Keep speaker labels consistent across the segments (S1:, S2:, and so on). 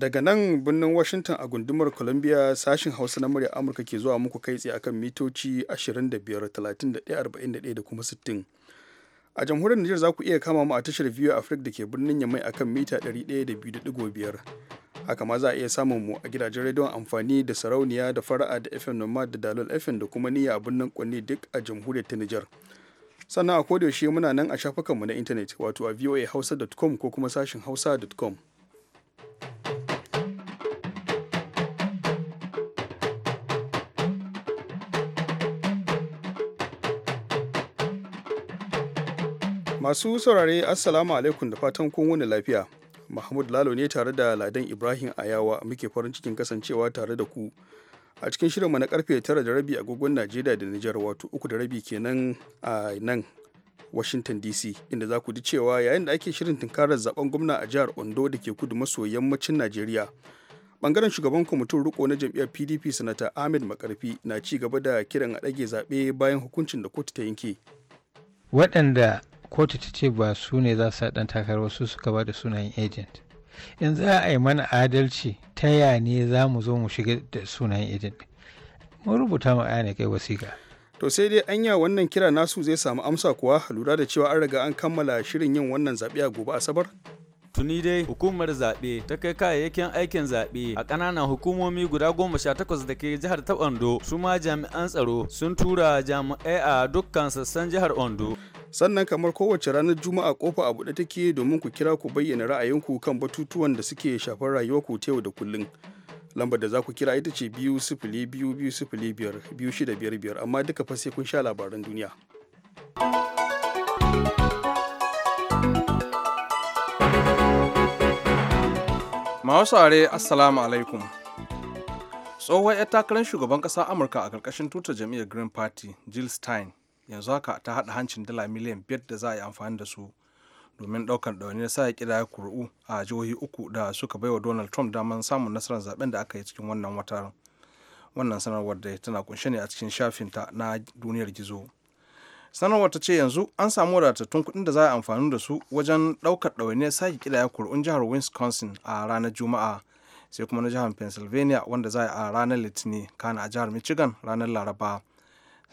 S1: daga nan birnin washington a gundumar columbia sashin hausa na murya amurka ke zuwa muku kai tsaye akan mitoci 25 31 da kuma 60 a jamhuriyar niger za ku iya kama mu a tashar view africa da ke birnin yamai akan mita 102.5 haka ma za a iya samun mu a gidajen rediyon amfani da sarauniya da fara'a da fm nomad da dalol fm da kuma niyya a birnin kwanne duk a jamhuriyar ta niger sannan a kodayaushe muna nan a shafukanmu na intanet wato a voahausa.com ko kuma sashin hausa.com Masu saurare Assalamu alaikum da fatan kun wani lafiya. Mahmud Lalo ne tare da Ladan Ibrahim Ayawa muke farin cikin kasancewa tare da ku. A cikin shirinmu na karfe tara da rabi agogon Najeriya da Nijar wato uku da rabi kenan a nan Washington DC inda za ku ji cewa yayin da ake shirin tunkarar zaben gwamna a jihar Ondo da ke kudu maso yammacin Najeriya. Bangaren shugaban kwamitin riko na jam'iyyar PDP sanata Ahmed Makarfi na ci gaba da kiran a ɗage zaɓe bayan hukuncin da kotu ta yanke.
S2: Waɗanda kotu ta ce ba su ne za su ɗan takarar wasu suka ba da sunayen agent in za a yi mana adalci ta ya ne za mu zo mu shiga da sunayen agent mun rubuta ma ne kai wasiƙa
S1: to sai dai anya wannan kira nasu zai samu amsa kuwa lura da cewa an riga an kammala shirin yin wannan zaɓe a gobe asabar
S3: tuni dai hukumar zaɓe ta kai kayayyakin aikin zaɓe a ƙananan hukumomi guda goma sha takwas da ke jihar ta ondo su ma jami'an tsaro sun tura jami'ai a dukkan sassan jihar ondo
S1: sannan kamar kowace ranar juma'a kofa a buɗe take domin ku kira ku bayyana ra'ayinku kan batutuwan da suke shafar rayuwa ta yau da kullum lambar da za ku kira ita ce biyu sifili biyu biyu sifili biyar biyu shida biyar biyar amma duka fa sai kun sha labaran
S4: duniya Mawasare Assalamu alaikum. Tsohon 'yar takarar shugaban ƙasa Amurka a ƙarƙashin tutar jam'iyyar Green Party, Jill Stein, yanzu haka ta haɗa hancin dala miliyan biyar da za a yi amfani da su domin ɗaukar ɗauniyar sa ya kira kuri'u a jihohi uku da suka baiwa donald trump daman samun nasarar zaɓen da aka yi cikin wannan wata wannan sanarwar da tana kunshe ne a cikin shafinta na duniyar gizo sanarwar ta ce yanzu an samu wadatattun kuɗin da za a amfani da su wajen ɗaukar ɗawainiyar sake kidaya kuri'un jihar wisconsin a ranar juma'a sai kuma na jihar pennsylvania wanda za a ranar litinin kana a jihar michigan ranar laraba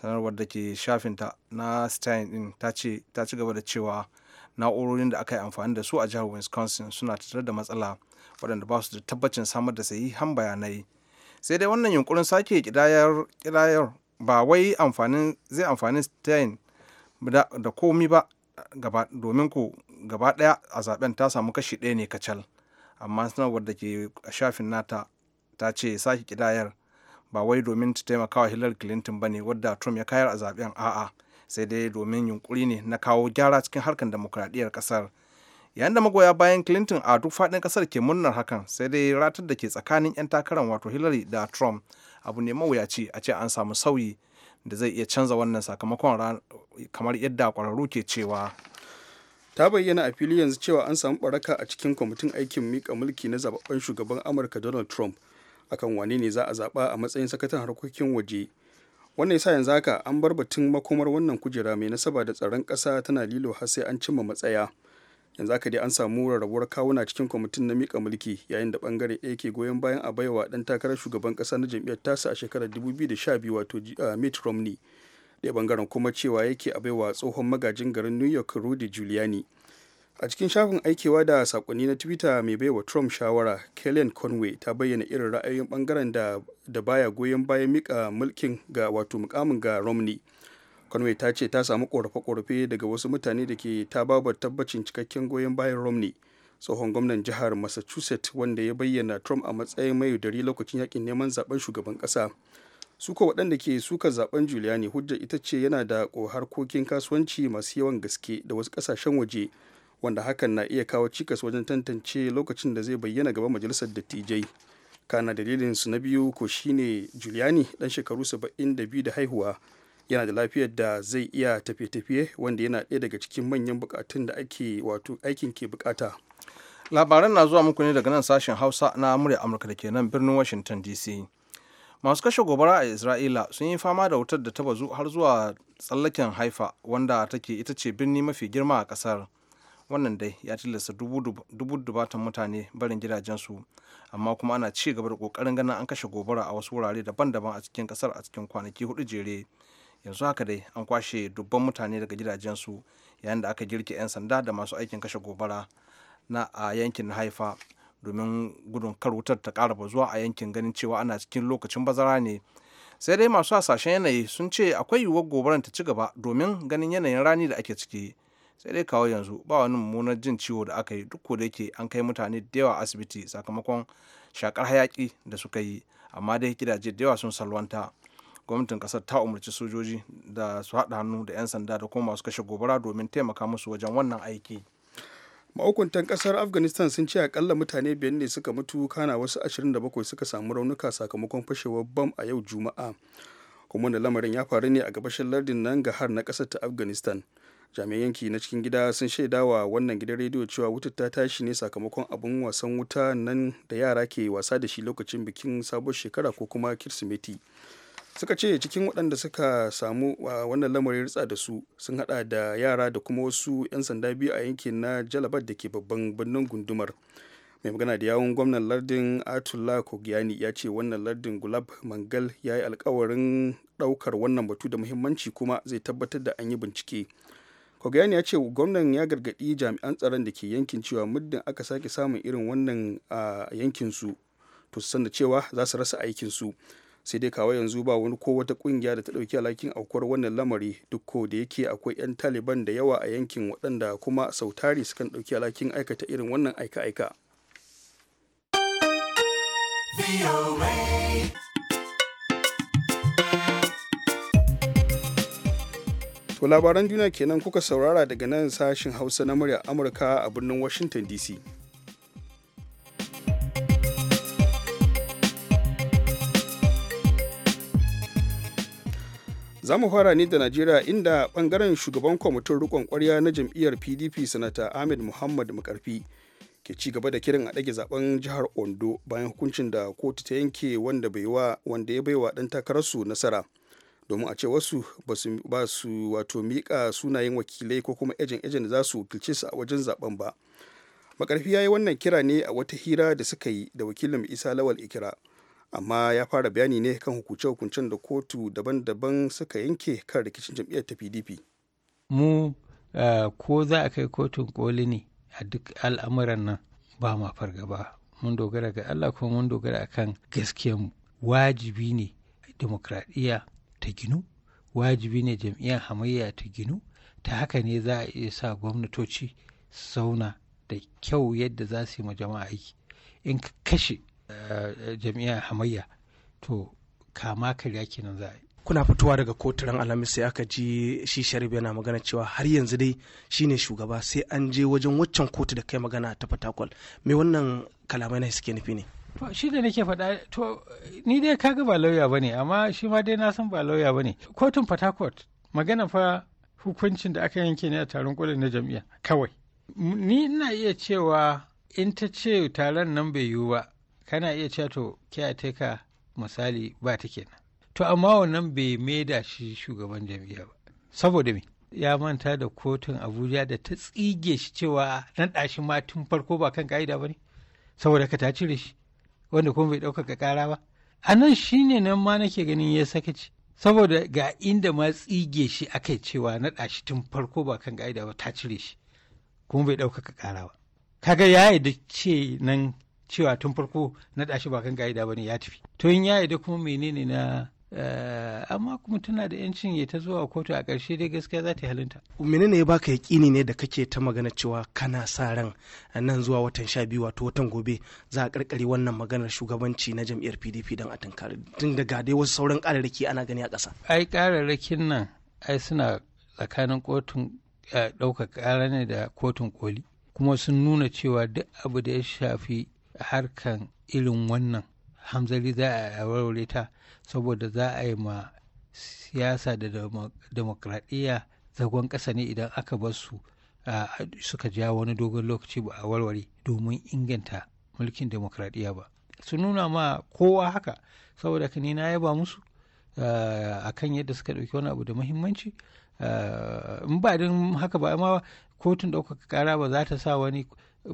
S4: sanarwar da ke shafinta na stein din ta ci gaba da cewa na'urorin da aka yi amfani da su a jihar wisconsin suna tattare da matsala waɗanda ba su da tabbacin samar da sayi han bayanai sai dai wannan yunkurin sake kidayar ba wai amfanin zai amfani stein da, komi ba domin ku gaba ɗaya a zaben ta samu kashi ɗaya ne kacal amma sanarwar da ke shafin nata ta ce sake kidayar ba wai domin ta taimaka wa hillary clinton ba ne wadda trump ya kayar a zaben a'a sai dai domin yunkuri ne na kawo gyara cikin harkar demokuraɗiyyar ƙasar yayin da magoya bayan clinton a duk faɗin ƙasar ke murnar hakan sai dai ratar da ke tsakanin 'yan takarar wato hillary da trump abu ne mawuyaci a ce an samu sauyi da zai iya canza wannan sakamakon kamar yadda ƙwararru ke cewa ta bayyana a fili yanzu cewa an samu
S1: baraka a cikin kwamitin aikin mika mulki na zababben shugaban amurka donald trump akan wani ne za a zaɓa a matsayin sakataren harkokin waje wannan yasa yanzu haka an bar batun makomar wannan kujera mai nasaba da tsaron ƙasa tana lilo har sai an cimma matsaya yanzu haka dai an samu rarrabuwar kawuna cikin kwamitin na mika mulki yayin da bangare ɗaya ke goyon bayan a baiwa ɗan takarar shugaban ƙasa na jam'iyyar tasa a shekarar 2012 wato ah, mitt romney ɗaya bangaren kuma cewa yake a baiwa tsohon magajin garin new york rudy giuliani a cikin shafin aikewa da sakonni na twitter mai baiwa trump shawara kellyanne conway ta bayyana irin ra'ayoyin bangaren da, da baya goyon bayan mika mulkin ga wato mukamin ga romney conway ta ce ta samu korafe-korafe daga wasu mutane da ke ta babar tabbacin cikakken goyon bayan romney tsohon gwamnan jihar massachusetts wanda ya bayyana trump a matsayin mai yaudari lokacin yakin neman zaben shugaban kasa suka waɗanda ke suka zaben juliani hujja ita ce yana da harkokin kasuwanci masu yawan gaske da wasu ƙasashen waje wanda hakan na iya kawo cikas wajen tantance lokacin da zai bayyana gaba majalisar dattijai kana dalilin su na biyu ko shine juliani dan shekaru 72 da haihuwa yana da lafiyar da zai iya tafiye-tafiye wanda yana ɗaya daga cikin manyan bukatun da ake wato aikin ke bukata
S4: labaran na zuwa muku ne daga nan sashen hausa na murya amurka da ke nan birnin washington dc masu kashe gobara a isra'ila sun yi fama da wutar da ta bazu har zuwa tsallaken haifa wanda take ita ce birni mafi girma a kasar wannan dai ya tilasta dubu dubatan mutane barin gidajensu amma kuma ana ci gaba da kokarin ganin an kashe gobara a wasu wurare daban-daban a cikin kasar a cikin kwanaki hudu jere yanzu haka dai an kwashe dubban mutane daga gidajensu yayin da aka girke 'yan sanda da masu aikin kashe gobara na a yankin haifa domin gudun kar wutar ta ƙara bazuwa a yankin ganin cewa ana cikin lokacin bazara ne sai dai masu hasashen yanayi sun ce akwai yiwuwar gobarar ta ci gaba domin ganin yanayin rani da ake ciki sai dai kawo yanzu ba wani mummunar jin ciwo da aka yi duk da yake an kai mutane da yawa asibiti sakamakon shakar hayaki da suka yi amma dai gidaje da yawa sun salwanta gwamnatin kasar ta umarci sojoji da su haɗa hannu da 'yan sanda da kuma masu kashe gobara domin taimaka musu wajen wannan aiki mahukuntan
S1: kasar afghanistan sun ce akalla mutane biyar ne suka mutu kana wasu 27 suka samu raunuka sakamakon fashewar bam a yau juma'a kuma da lamarin ya faru ne a gabashin lardin nan har na kasar ta afghanistan jami'an yanki na cikin gida sun shaida wa wannan gidan rediyo cewa wutar ta tashi ne sakamakon abun wasan wuta nan da yara ke wasa da shi lokacin bikin sabon shekara ko kuma kirsimeti suka ce cikin waɗanda suka samu a wannan lamarin ritsa da su sun hada da yara da kuma wasu 'yan sanda biyu a yankin na jalabar da ke babban birnin gundumar mai magana da yawon gwamnan lardin atula kogiyani ya ce wannan lardin gulab mangal ya yi alkawarin daukar wannan batu da muhimmanci kuma zai tabbatar da an yi bincike Kogayani ya ce gwamnan ya gargaɗi jami'an tsaron da ke yankin cewa muddin aka sake samun irin wannan a su to su san da cewa za su rasa aikin su sai dai kawai yanzu ba wani ko wata kungiya da ta ɗauki alhakin aukuwar wannan lamari duk ko da yake akwai 'yan taliban da yawa a yankin waɗanda kuma sautari su kan ɗauki alhakin aikata irin wannan aika-aika. To labaran duniya kenan kuka saurara daga nan sashin Hausa na murya Amurka a birnin Washington DC. za mu fara ne da najeriya inda bangaren shugaban kwamitin rikon kwarya na jam'iyyar pdp sanata ahmed muhammad makarfi ke ci gaba da kirin a ɗage zaben jihar ondo bayan hukuncin da kotu ta yanke wanda ya baiwa ɗan takararsu nasara domin a ce wasu ba su wato miƙa sunayen wakilai ko kuma ejen ejen da za su wakilce su a wajen zaben ba makarfi ya yi wannan kira ne a wata hira da suka yi da wakilin isa lawal ikira amma ya fara bayani ne kan hukunce-hukuncen da kotu daban-daban suka yanke kan rikicin jam'iyyar ta pdp
S2: mu uh, ko za a kai kotun koli ne a duk al'amuran nan ba ma fargaba mun dogara ga allah kuma mun dogara akan mu wajibi ne demokradiyya ta ginu wajibi ne jam'iyyar hamayya ta ginu ta haka ne za a iya sa gwamnatoci su zauna da kyau yadda za su yi ma jama'a aiki in ka kashe eh, jam'iyyar hamayya to kama karya kenan za a yi kuna fitowa daga ran alhamis sai aka ji
S5: shi sharif yana magana cewa har yanzu dai shine shugaba sai an je wajen waccan kotu da kai magana
S2: ta fatakwal me wannan kalamai na suke nufi ne shi da nake faɗa to ni dai ka ga ba lauya ba ne amma shi ma dai na san ba lauya ba ne. Kotun Fatakwat magana fa hukuncin da aka yanke ne a taron kolin na jam'iyya kawai. Ni ina iya cewa in ta ce taron nan bai yiwu ba kana iya cewa to kiyateka misali ba ta kenan. To amma wannan bai maida shi shugaban jam'iyya ba. Saboda me? ya manta da kotun abuja da ta tsige shi cewa nan ɗashi ma tun farko ba kan ka'ida ba ne saboda ka ta cire shi wanda kuma bai ɗaukaka ƙara ba a nan ne nan ma nake ganin ya sakaci saboda ga inda ma tsige shi yi cewa na shi tun farko ba kan ga'ida ba ta cire shi kuma bai ɗaukaka ƙara ba kaga ya yarda ce nan cewa tun farko na shi ba kan ga'ida ba ne ya tafi to in ya yarda kuma menene na Eh, amma kuma tana da yancin ya ta zuwa kotu a ƙarshe dai gaskiya za ta yi halinta.
S5: menene ya baka yaƙini ne da kake ta magana cewa kana sa ran nan zuwa watan sha biyu wato watan gobe za a karkare wannan maganar shugabanci na jam'iyyar pdp don a tunkari tun daga dai wasu sauran ƙararraki ana gani a ƙasa.
S2: ai ƙararrakin nan ai suna tsakanin kotun eh, ɗaukar ƙara ne da kotun koli kuma sun nuna cewa duk abu da ya shafi harkan irin wannan hamzari za a warware ta saboda za a yi ma siyasa da demokradiyya zagon ƙasa ne idan aka bar su suka ja wani dogon lokaci ba a warware domin inganta mulkin demokradiyya ba su nuna ma kowa haka saboda ka ni na yaba musu a kan yadda suka ɗauki wani abu da muhimmanci in ba don haka ba amma kotun ɗaukaka kara ba za ta sa wani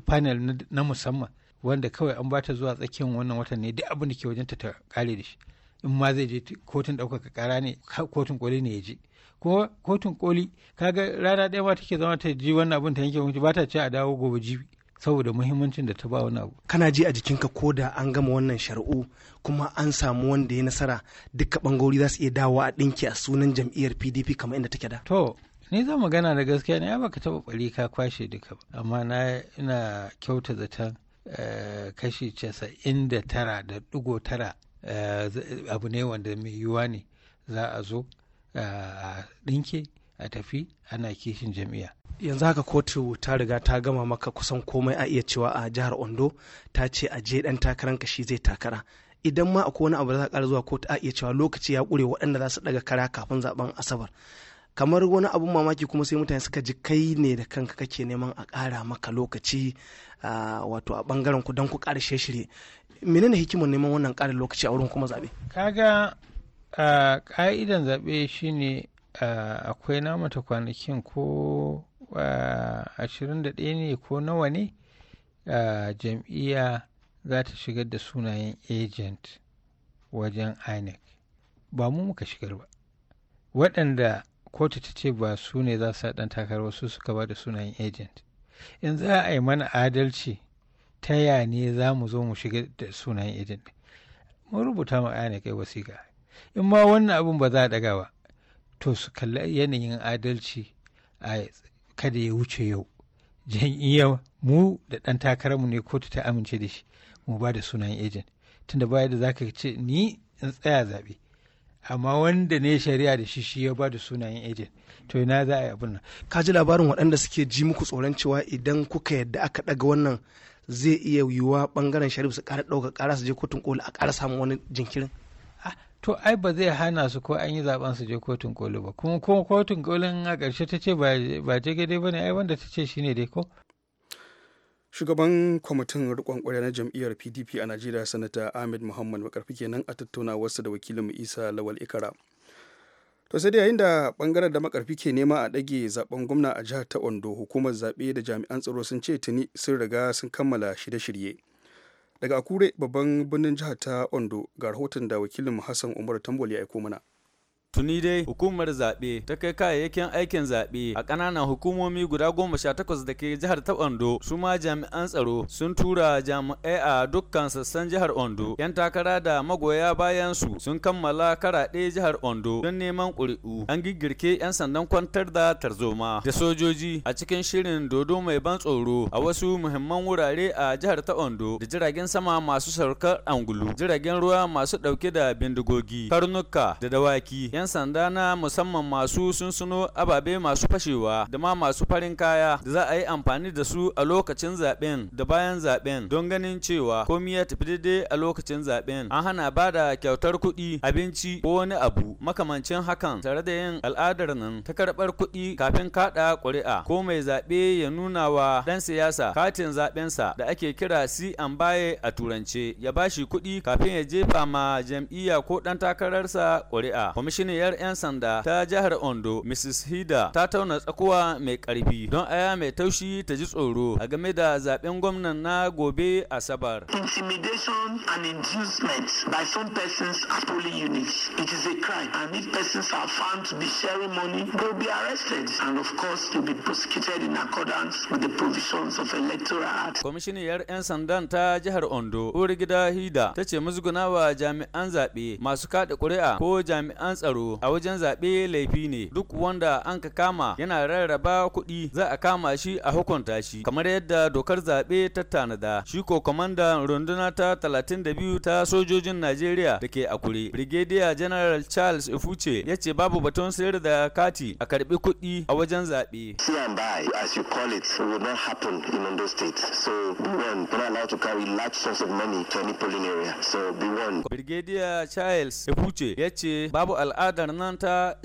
S2: panel na musamman wanda kawai an bata zuwa tsakiyar wannan watan ne duk abin da ke wajenta ta kare da shi in ma zai je kotun ɗaukaka ƙara ne kotun koli ne ya je kuma kotun koli kaga rana ɗaya ma take zama ta ji wannan abin ta yanke hukunci ba ta ce a dawo gobe jibi saboda muhimmancin da ta ba wani abu
S5: kana ji a jikinka ko da an gama wannan shari'u kuma an samu wanda ya nasara duka bangarori za su iya dawo a ɗinki a sunan jam'iyyar pdp kamar inda take da to
S2: ni zan magana da gaskiya ne ya baka taba bari ka kwashe duka amma na ina kyauta zaton Eh, kashi casa'in da tara da ɗigo tara eh, abu ne wanda mai yiwuwa ne za a zo eh, a ɗinke a tafi ana kishin jami'a. yanzu haka
S5: kotu ta riga ta gama maka kusan komai a iya cewa a jihar ondo ta ce a je dan takaranka shi zai takara idan ma akwai wani abu da za a ƙara zuwa kotu a iya cewa lokaci ya ƙure waɗanda za su ɗaga kara kafin zaben asabar kamar wani abun mamaki kuma sai mutane suka ji kai ne da kanka kake neman a ƙara maka lokaci wato a bangaren ku don ku ƙara shirye menene hikimar neman wannan ƙarin lokaci a wurin kuma zaɓe
S2: kaga ƙa'idan zaɓe shine akwai namata kwanakin ko ashirin da ɗaya ne ko nawa ne jam'iyya za ta shigar da sunayen agent wajen inec ba mu muka shigar ba waɗanda kotu ta ce ba su ne za su ɗan takarar wasu suka ba da sunayen agent in za a yi mana adalci ta ya ne za mu zo mu shiga da sunayen agent mun rubuta ma aya kai wasiƙa in ma wannan abin ba za a ɗaga ba to su kalli yanayin adalci a kada ya wuce yau jam'iyyar mu da ɗan takararmu ne kotu ta amince da shi mu ba da sunayen agent tunda baya da ka ce ni in tsaya zaɓe amma wanda ne shari'a da shi shi ya ba da sunayen ejen. to ina za a yi abin nan ka ji labarin waɗanda suke ji muku tsoron cewa idan kuka yadda aka ɗaga wannan
S5: zai iya yiwuwa ɓangaren shari'a su ƙara ɗauka ƙara su je kotun koli a ƙara samun wani jinkirin
S2: to ai ba zai hana su ko an yi zaben su je kotun koli ba kuma kotun kolin a ƙarshe ta ce ba je gade ba ne ai wanda ta ce shi ne dai ko
S1: shugaban kwamitin rikon kwarya na jam'iyyar pdp a najeriya sanata ahmed muhammad makarfi kenan a tattauna wasu da wakilin isa lawal ikara to sai da yayin da bangaren da makarfi ke nema a dage zaben gwamna a jihar ta ondo hukumar zaɓe da jami'an tsaro sun ce tuni sun riga sun kammala shirye-shirye daga akure babban birnin jihar ta ondo ga rahoton da wakilin hassan umar tambol ya aiko mana
S3: Tuni dai hukumar zaɓe ta kai kayayyakin aikin zaɓe a ƙananan hukumomi guda goma sha takwas da ke jihar ta Ondo su ma jami'an tsaro sun tura jami'ai a dukkan sassan jihar Ondo. 'Yan takara da magoya bayan su sun kammala karaɗe jihar Ondo don neman ƙuri'u. An giggirke 'yan sandan kwantar da tarzoma da sojoji a cikin shirin dodo mai ban tsoro a wasu muhimman wurare a jihar ta Ondo da jiragen sama masu saukar angulu, jiragen ruwa masu ɗauke da bindigogi, karnuka da dawaki. 'yan sanda na musamman masu sunsuno ababe masu fashewa da ma masu farin kaya da za a yi amfani da su a lokacin zaben da bayan zaben don ganin cewa komi ya tafi daidai a lokacin zaben an hana ba da kyautar kuɗi abinci ko wani abu makamancin hakan tare da yin al'adar nan ta karɓar kuɗi kafin kaɗa ƙuri'a ko mai zaɓe ya nuna wa ɗan siyasa katin zaɓensa da ake kira si an baye a turance ya bashi kuɗi kafin ya jefa ma jam'iyya ko ɗan takararsa ƙuri'a kwamishinan yar 'yan sanda ta jihar Ondo, Mrs. Hida, ta tauna tsakuwa mai ƙarfi don aya mai taushi ta ji tsoro a game da zaben gwamnan na gobe Asabar. Intimidation and inducement by some persons at polling units. It is a crime and if persons are found to be sharing money, they will be arrested and of course to be prosecuted in accordance with the provisions of electoral act. yar 'yan sandan ta jihar Ondo, Urigida Hida, ta ce wa jami'an zaɓe masu kaɗa ƙuri'a ko jami'an tsaro a wajen zaɓe laifi ne duk wanda an ka kama yana rarraba kuɗi za a kama shi a hukunta shi kamar yadda dokar zaɓe ta tanada shi ko ta runduna ta biyu ta sojojin Najeriya da ke Akure Brigadier General Charles Ifuce ya ce babu batun sayar da kati a karbi kuɗi a wajen zaɓe.
S5: See and buy as you call it will not happen
S3: Brigadier Charles Ifuce ya ce babu al'ada tawagar nan ta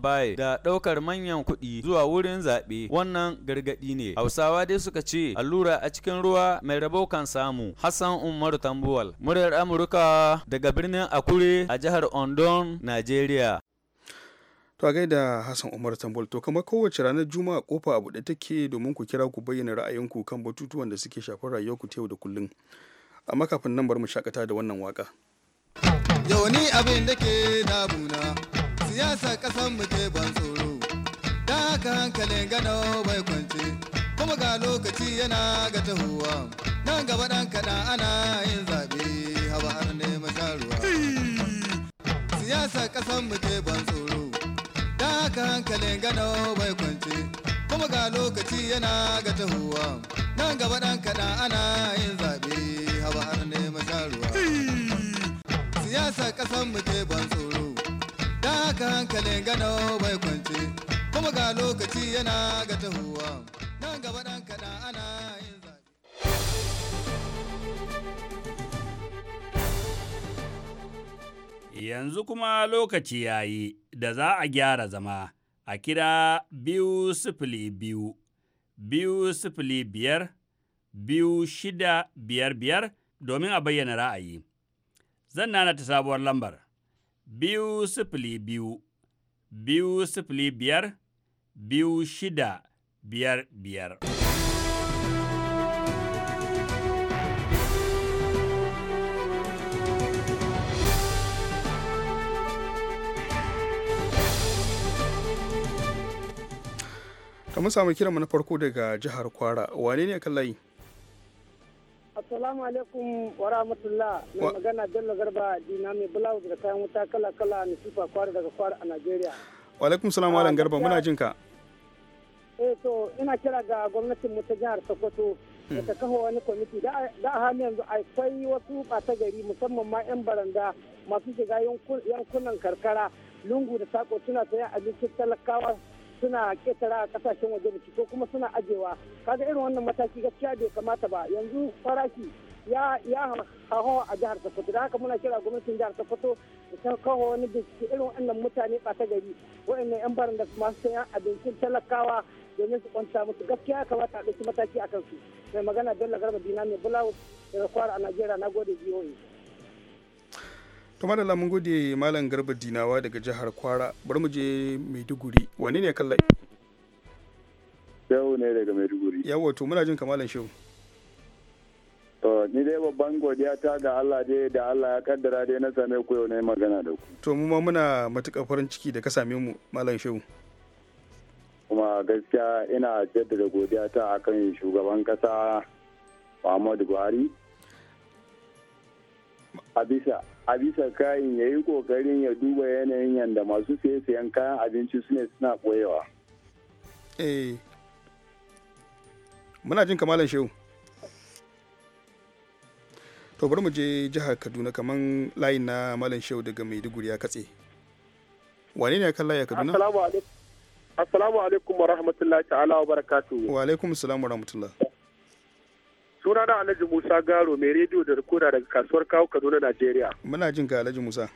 S3: Baye da ɗaukar manyan kuɗi zuwa wurin zaɓe wannan gargaɗi ne. Hausawa dai suka ce allura a cikin ruwa mai rabo kan samu. Hassan Umaru Tambuwal, muryar Amurka daga birnin Akure a jihar Ondon, nigeria. To a gaida Hassan Umar Tambol to
S1: kamar kowace ranar Juma'a kofa abu da take domin ku kira ku bayyana ra'ayinku kan batutuwan da suke shafar rayuwar ta yau da kullum. Amma kafin nan bar mu shakata da wannan waka. yau ni abin da ke damuna siyasa kasan mu ke ban tsoro da haka hankalin gano bai kwance kuma ga lokaci yana ga tahowa nan gaba dan kada ana yin zaɓe haba har ne masharuwa siyasa kasan mu ke ban tsoro da haka hankalin gano bai kwance kuma ga lokaci yana ga tahowa nan gaba dan kada ana yin zaɓe haba har ne masharuwa siyasa kasan mu ke ban tsoro da haka hankalin gano bai kwance kuma ga lokaci yana ga tahuwa nan gaba dan ana yin
S6: Yanzu kuma lokaci ya yi da za a gyara zama a kira biyu sifili biyu, biyu sifili biyar, biyu shida biyar biyar domin a bayyana ra'ayi. Zan nana ta sabuwar lambar biyu sifili biyu, biyu sifili biyar, biyu shida biyar biyar.
S1: kamar samu kiran na farko daga jihar kwara wane ne kan layi
S7: Assalamu alaikum wa rahmatullah. na magana Bello Garba Dina mai blouse da kayan wuta kala kala na sifa kwari daga kwari a nigeria.
S1: Wa alaikum salam Malam ah, Garba muna jin ka.
S7: Eh to ina kira ga gwamnatin mu ta jihar Sokoto hmm. da ta kafa wani kwamiti da a hannun yanzu akwai wasu bata gari musamman ma 'yan baranda masu shiga yankunan karkara lungu da sako suna sayan abincin talakawa suna ketara a kasashen waje da ko kuma suna ajewa kaga irin wannan mataki gaskiya bai kamata ba yanzu farashi ya ya haho a jihar Sokoto da haka muna kira gwamnatin jihar Sokoto da ta kawo wani bincike irin wannan mutane ta gari waɗannan yan barin da masu sayan abincin talakawa domin su kwanta musu gaskiya kamata a ɗauki mataki akan su mai magana Bello Garba Dina mai Bulawu daga kwara a Najeriya na gode GOA.
S1: to madalla mun gode malam garba dinawa daga jihar kwara bari mu je maiduguri wani ne kallai yau ne daga maiduguri yawa to muna jin kamalan shehu
S7: to ni dai babban godiya ta ga Allah dai da Allah ya kaddara dai na same ku yau na magana da ku
S1: to mu ma muna matukar farin ciki da ka same mu malam shehu
S7: kuma gaskiya ina jaddada godiya ta akan shugaban kasa Muhammadu Buhari a bisa a bisa kayan ya yi kokarin ya duba yanayin yadda masu saye sayan kayan abinci su ne suna koyewa
S1: eh muna jin kamalan shehu to bari mu je jihar kaduna kaman layin na malam shehu daga maiduguri ya katse wane ne kan layi a kaduna
S7: assalamu alaikum wa rahmatullahi ta'ala wa barakatuhu
S1: wa alaikum assalam wa rahmatullahi
S7: Suna na Alhaji Musa Garo mai rediyo da rikoda daga kasuwar kawo Kaduna Najeriya.
S1: Muna jin ka Alhaji Musa.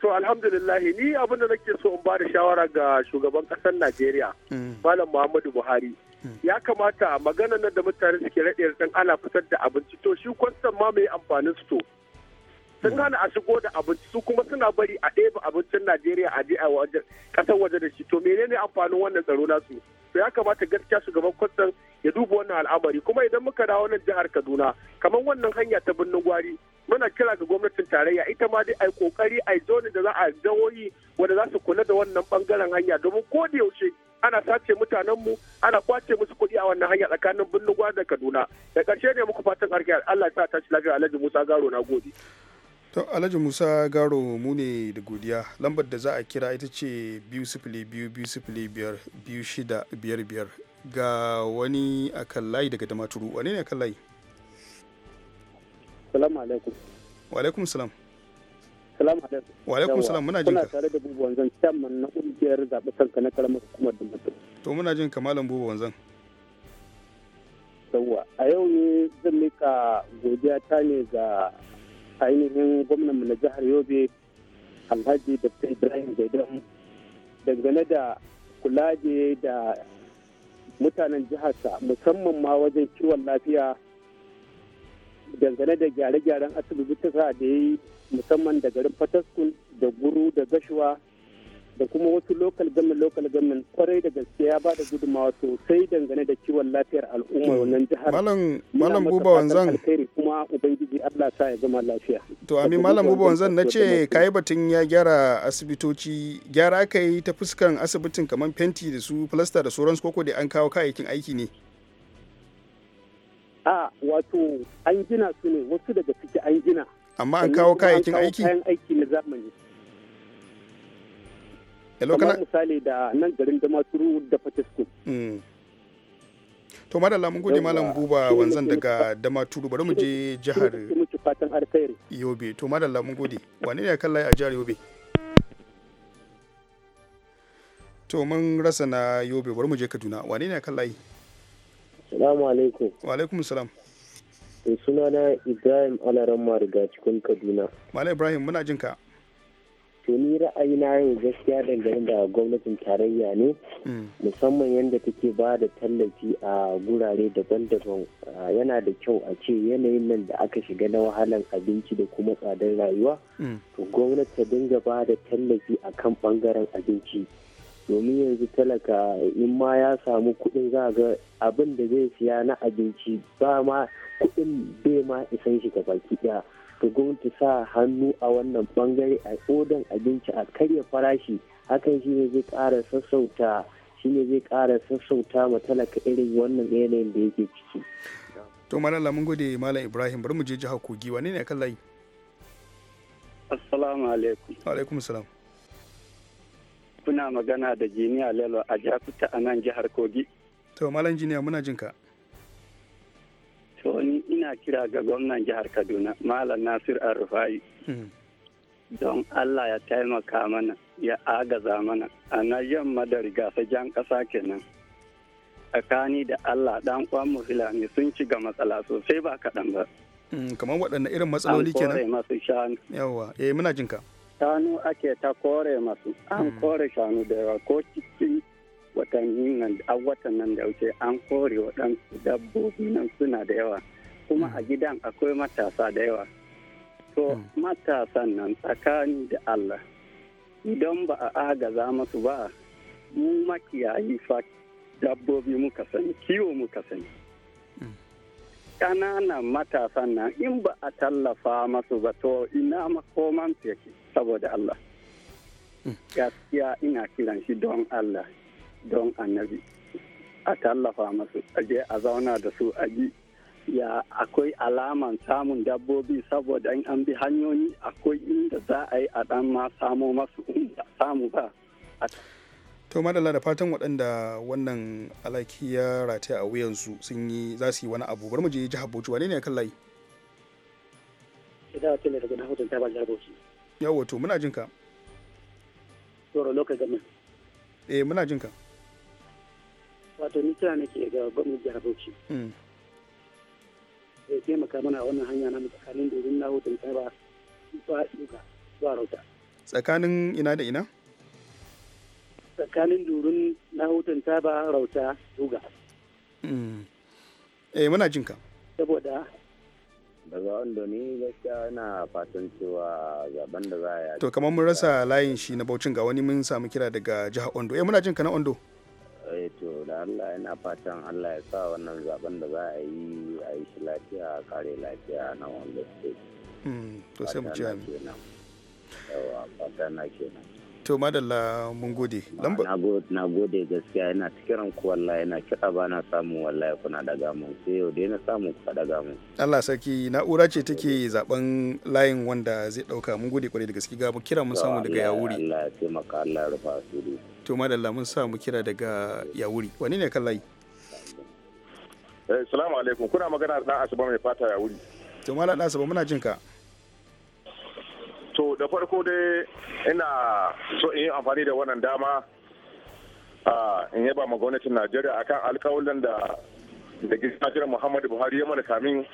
S7: To alhamdulillah ni abin da nake so in ba da shawara ga shugaban kasar Najeriya mm. Malam Muhammadu Buhari. Mm. Ya kamata magana nan da mutane suke raɗe san ana fitar da abinci to shi kwastan ma mai amfanin su to. Sun mm. hana a shigo da abinci su kuma suna bari a ɗebe abincin Najeriya a je a kasar waje da shi to menene amfanin wannan tsaro nasu. to ya kamata gaskiya shugaban kwastan ya duba wannan al'amari kuma idan muka dawo nan jihar kaduna kamar wannan hanya ta birnin gwari muna kira ga gwamnatin tarayya ita ma dai ai kokari ai zoni da za a jawoyi wanda za su kula da wannan bangaren hanya domin ko da yaushe ana sace mutanenmu ana kwace musu kuɗi a wannan hanya tsakanin birnin gwari da kaduna da ƙarshe ne muku fatan alheri Allah ya sa tashi lafiya Alhaji Musa Garo na gode
S1: to alhaji musa garo mu ne da godiya lambar da za a kira ita ce biyu sifili biyu biyu sifili biyar biyu shida biyar biyar ga wani akan layi daga damaturu wane ne akan layi Salam alaikum wa alaikum salam
S7: salamu alaikum wa salam muna jinka kuna tare da bubu wanzan chairman na kungiyar zaɓe kanka na karamar hukumar da mutum
S1: to muna jin kamalan bubu wanzan
S7: yawwa a yau ne zan mika godiya ta ne ga ainihin gwamnanmu na jihar yobe alhaji da ibrahim gaidan dangane da kula da mutanen jiharsa musamman ma wajen kiwon lafiya dangane da gyare-gyaren asibitin da ya yi musamman da garin fataskun da guru da gashuwa da kuma wasu lokal gamin lokal gamin kwarai da gaske ya ba da gudunmawa sosai dangane da kiwon lafiyar al'umma hmm. wannan jihar malam malam buba wanzan kuma ubangiji Allah sa ya zama lafiya to amin malam buba wanzan nace
S1: kai batun ya gyara asibitoci gyara aka yi ta fuskan asibitin kamar fenti da su plaster da sauransu koko da an kawo kayayyakin aiki ne
S7: a wato an gina su ne wasu daga ciki an gina amma an kawo kayayyakin aiki kayan aiki na zamani kamar misali da nan garin damaturu da
S1: fatiskun hmm. to madalla mun gode malam buba wanzan daga damaturu bari mu je jihar yobe to madalla mun gode wani ne kan layi a jihar yobe to mun rasa na yobe bari mu je kaduna wani ne kan layi
S7: salamu alaikum wa alaikum salam to eh, suna na ibrahim alaramma daga cikin kaduna
S1: malam ibrahim muna jin ka
S7: to ni ra'ayina yau gaskiya dangane da gwamnatin tarayya ne mm. musamman yadda take ba da tallafi a gurare daban-daban yana da kyau a ce yanayin nan da aka shiga na wahalan abinci da kuma tsadar rayuwa mm. to gwamnati ta dinga ba da tallafi a kan bangaren abinci domin yanzu talaka in ma ya samu kuɗin za ga abin da zai siya na abinci ba ma kuɗin bai ma isan shi ga baki ɗaya. ga gwamnati sa hannu a wannan bangare a odan abinci a karya farashi hakan ne zai kara sassauta ne zai kara sassauta ma talaka irin wannan yanayin da yake ciki
S1: to malala mun gode malam ibrahim bari mu je jihar kogi wani ne kan layi
S6: assalamu alaikum
S1: alaikum salam
S6: kuna magana da jiniya lelo a jakuta a nan jihar kogi
S1: to malam jiniya muna jinka
S6: ina kira ga gwamnan jihar kaduna malam nasir arufai hmm. don allah ya taimaka mana ya agaza mana a na yamma da rigasa jan ƙasa kenan tsakani da allah dan mu filani sun ci ga matsala sosai ba kaɗan ba
S1: hmm, kamar waɗanne irin matsaloli kenan an kore masu shanu yawa eh muna jinka
S6: shanu ake ta kore masu an hmm. kore shanu da yawa ko cikin watanni a watan nan da wuce an kore waɗansu dabbobi nan suna da yawa kuma mm. a gidan akwai matasa da yawa to mm. matasan nan tsakani da allah idan ba a agaza masu ba mu makiyayi fa dabbobi muka sani kiwo muka sani mm. ƙananan matasan nan in ba a tallafa masu ba to ina makoman yake saboda allah gaskiya ina kiran shi don allah don annabi a tallafa masu aje a zauna da su a ji ya akwai alaman samun dabbobi saboda in an bi hanyoyi akwai inda za a yi a dan ma samo masu inda samu ba
S1: to madalla da fatan waɗanda wannan alaki ya rataya a wuyansu sun yi za su yi wani abu bari mu je jiha bauchi wane ne kan layi
S7: idan wata ne daga na hutun tabar jihar bauchi
S1: yawo to muna jinka
S7: ka. lokacin gamin eh muna jinka wato ni kira nake ga gwamnati jihar bauchi hmm. ya taimaka mana a wannan hanya na tsakanin domin na hutun ba ba duka ba rauta
S1: tsakanin ina da ina
S7: tsakanin durun na hutun ba rauta duga
S1: hmm. eh muna jin ka.
S7: saboda daga wanda ni gaskiya ina fatan cewa zaben
S6: da za a yi to kamar mun
S1: rasa layin shi na baucin ga wani mun samu kira daga jihar ondo eh muna jin ka na ondo
S6: eh to da Allah yana fatan Allah ya sa wannan zaben da za a yi a yi shi lafiya a kare lafiya na wanda state
S1: hmm, to sai mu ci amin
S7: yawa
S6: fata na kenan
S1: to madalla mun gode na gode
S6: gaskiya yana kiran ku wallahi yana kiɗa ba na samu wallahi kuna daga mu sai yau dai na samu ku
S1: daga mun Allah sarki na'ura ce take zaben layin wanda zai dauka mun gode kwarai da gaske ga mu kira mun samu daga yawuri Allah ya taimaka Allah ya rufa asiri to madalla mun samu kira daga yawuri wani ne kan layi
S7: Assalamu eh, alaikum kuna magana da Asuba mai fata yawuri
S1: to malam Asuba muna jin ka
S7: da farko dai ina so in yi amfani da wannan dama in yaba ma gwamnatin najeriya akan alkawalin da da gidajen muhammadu buhari ya mana kamin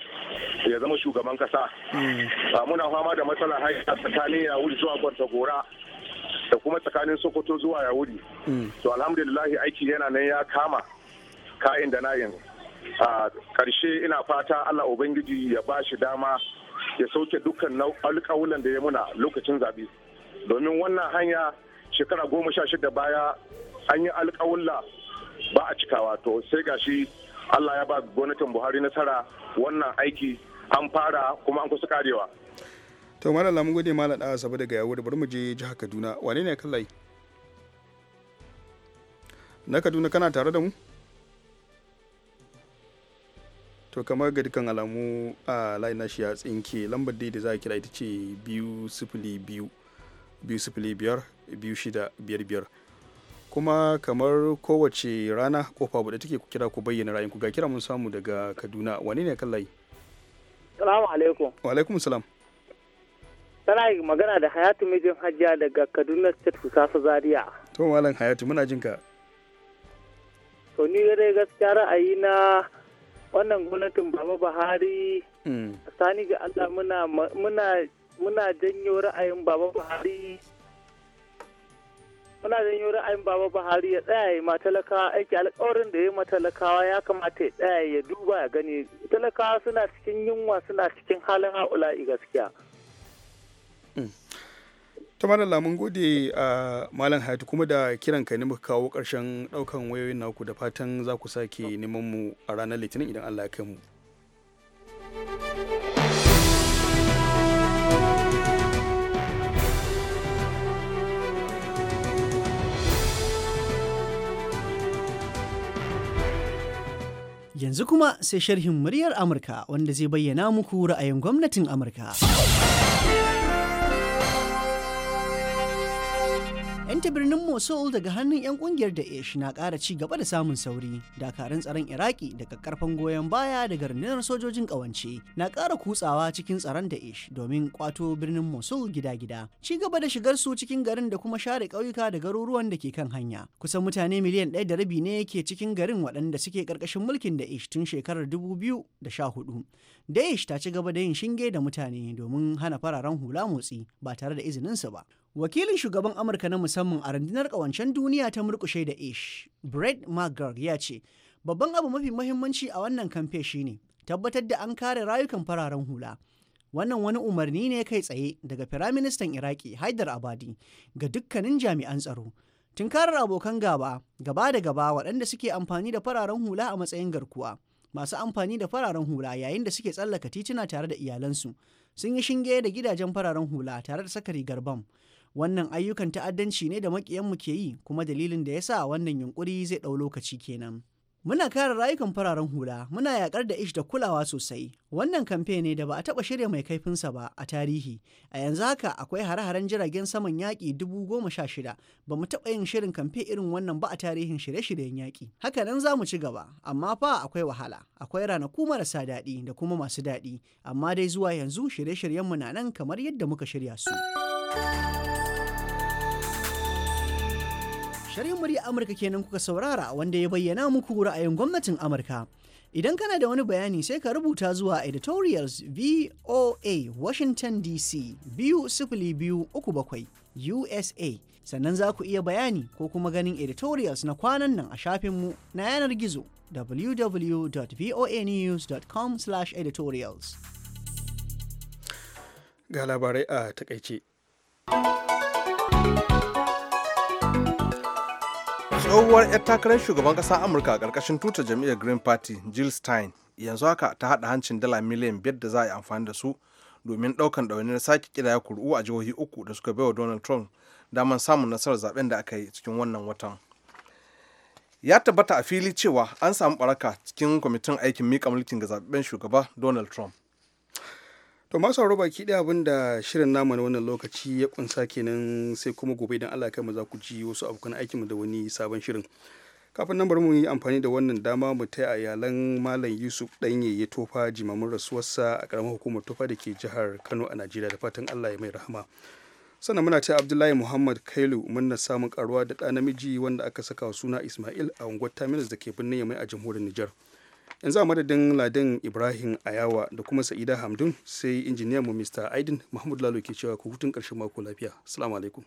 S7: ya zama shugaban kasa hmm. muna fama da matsala haika tsakanin yahudi zuwa gora da kuma tsakanin sokoto zuwa yahudi hmm. to alhamdulillahi aiki yana nan ya kama ka'in da yin a ƙarshe ina fata allah ubangiji ya bashi dama ya sauke dukkan alƙawulan da ya muna lokacin zaɓe domin wannan hanya shekara goma sha shida baya an yi alƙawulla ba a cikawa to sai gashi Allah ya ba gwamnatin Buhari nasara wannan aiki an fara kuma an kusa karewa.
S1: To malala mun gode malala da asabe daga yawo da bari mu je jiha Kaduna
S7: wane ne kallai?
S1: Na Kaduna kana tare da mu? to kamar ga dukkan alamu a layin nashi ya tsinke lambar da za a kira ita ce biyu sifili biyu biyu sifili biyar biyu shida biyar biyar kuma kamar kowace rana kofa buɗe take ku kira ku bayyana ra'ayinku ga kira mun samu daga kaduna wani ne kan layi
S7: salamu alaikum wa alaikum salam tana magana da hayatu mijin hajjiya daga kaduna state safi zaria
S1: to malam hayatu muna jinka
S7: to ni dai gaskiya ra'ayi na wannan gwamnatin baba buhari hmm. sani ga allah muna janyo ra'ayin baba buhari muna janyo ra'ayin baba buhari ya tsaya ya matalakawa aiki alkawarin da ya matalakawa ya kamata ya tsaya ya duba ya gani talakawa suna cikin yunwa suna cikin halin haula'i gaskiya
S2: hmm.
S1: ta malam lamun gode a malam hayatu kuma da kiran ka ne muka kawo karshen daukan wayoyin naku da fatan za ku sake neman mu a ranar litinin idan allah ya kai mu
S8: Yanzu kuma sai sharhin muryar Amurka wanda zai bayyana muku ra'ayin gwamnatin Amurka. 'yan ta birnin mosul daga hannun 'yan kungiyar Ish na kara ci gaba da samun sauri dakarun tsaron iraki da karfan goyon baya daga rundunar sojojin ƙawance na ƙara kutsawa cikin tsaron da Ish domin kwato birnin mosul gida-gida ci gaba da shigar su cikin garin da kuma share ƙauyuka da garuruwan da ke kan hanya kusan mutane miliyan ɗaya da rabi ne ke cikin garin waɗanda suke ƙarƙashin mulkin da Ish tun shekarar dubu biyu da sha hudu ish ta ci gaba da yin shinge da mutane domin hana fararen hula motsi ba tare da izininsu ba Wakilin shugaban Amurka na musamman a rundunar ƙawancen duniya ta murkushe da ish, Brett McGurk ya ce, babban abu mafi mahimmanci a wannan kamfe shine tabbatar da an kare rayukan fararen hula. Wannan wani umarni ne kai tsaye daga Firaministan Iraki Haidar Abadi ga dukkanin jami'an tsaro. Tunkarar abokan gaba, gaba da gaba waɗanda suke amfani da fararen hula a matsayin garkuwa. Masu amfani da fararen hula yayin da suke tsallaka tituna tare da iyalansu sun yi shinge da gidajen fararen hula tare da sakari rigar wannan ayyukan ta'addanci ne da makiyanmu ke yi kuma dalilin da yasa wannan yunkuri zai ɗau lokaci kenan muna kare rayukan fararen hula muna yaƙar da ish da kulawa sosai wannan kamfe ne da ba a taɓa shirya mai kaifinsa ba a tarihi a yanzu haka akwai hare-haren jiragen saman yaƙi dubu goma sha shida ba mu taɓa yin shirin kamfe irin wannan ba a tarihin shirye-shiryen yaƙi haka nan za mu ci gaba amma fa akwai wahala akwai ranaku marasa daɗi da kuma masu daɗi amma dai zuwa yanzu shirye-shiryenmu na nan kamar yadda muka shirya su. Shari'in murya Amurka kenan kuka saurara wanda ya bayyana muku ra'ayin gwamnatin Amurka. Idan kana da wani bayani sai ka rubuta zuwa editorials VOA Washington DC biyu sifili biyu uku bakwai USA sannan za ku iya bayani ko kuma ganin editorials na kwanan nan a shafinmu na yanar gizo www.voanews.com/editorials.
S1: Ga labarai a takaice.
S4: tsohuwar 'yar takarar shugaban ƙasa amurka a ƙarƙashin tuta jam'iyyar green party jill stein yanzu haka ta haɗa hancin dala miliyan biyar da za a yi amfani da su domin ɗaukan ɗaunin sake ƙidaya kuri'u a jihohi uku da suka baiwa donald trump daman samun nasarar zaben da aka yi cikin wannan watan ya tabbata a fili cewa an samu ɓaraka cikin kwamitin aikin mika mulkin ga zaɓen shugaba donald trump
S1: to masu auro baki ɗaya abin da shirin namu na wannan lokaci ya kunsa kenan sai kuma gobe idan Allah kai mu za ku ji wasu abokan aikinmu da wani sabon shirin kafin nan bari mu yi amfani da wannan dama mu a iyalan malam yusuf danye ya tofa jimamin rasuwarsa a karamar hukumar tofa da ke jihar kano a najeriya da fatan allah ya mai rahama sannan muna ta abdullahi muhammad kailu muna samun karuwa da ɗa namiji wanda aka saka suna ismail a unguwar terminus da ke birnin yamai a jamhuriyar nijar yanzu za madadin ladin ibrahim ayawa da kuma sa'ida hamdun sai mu mr aidin mahmud lalo ke cewa ku hutun ƙarshen mako lafiya salamu alaikum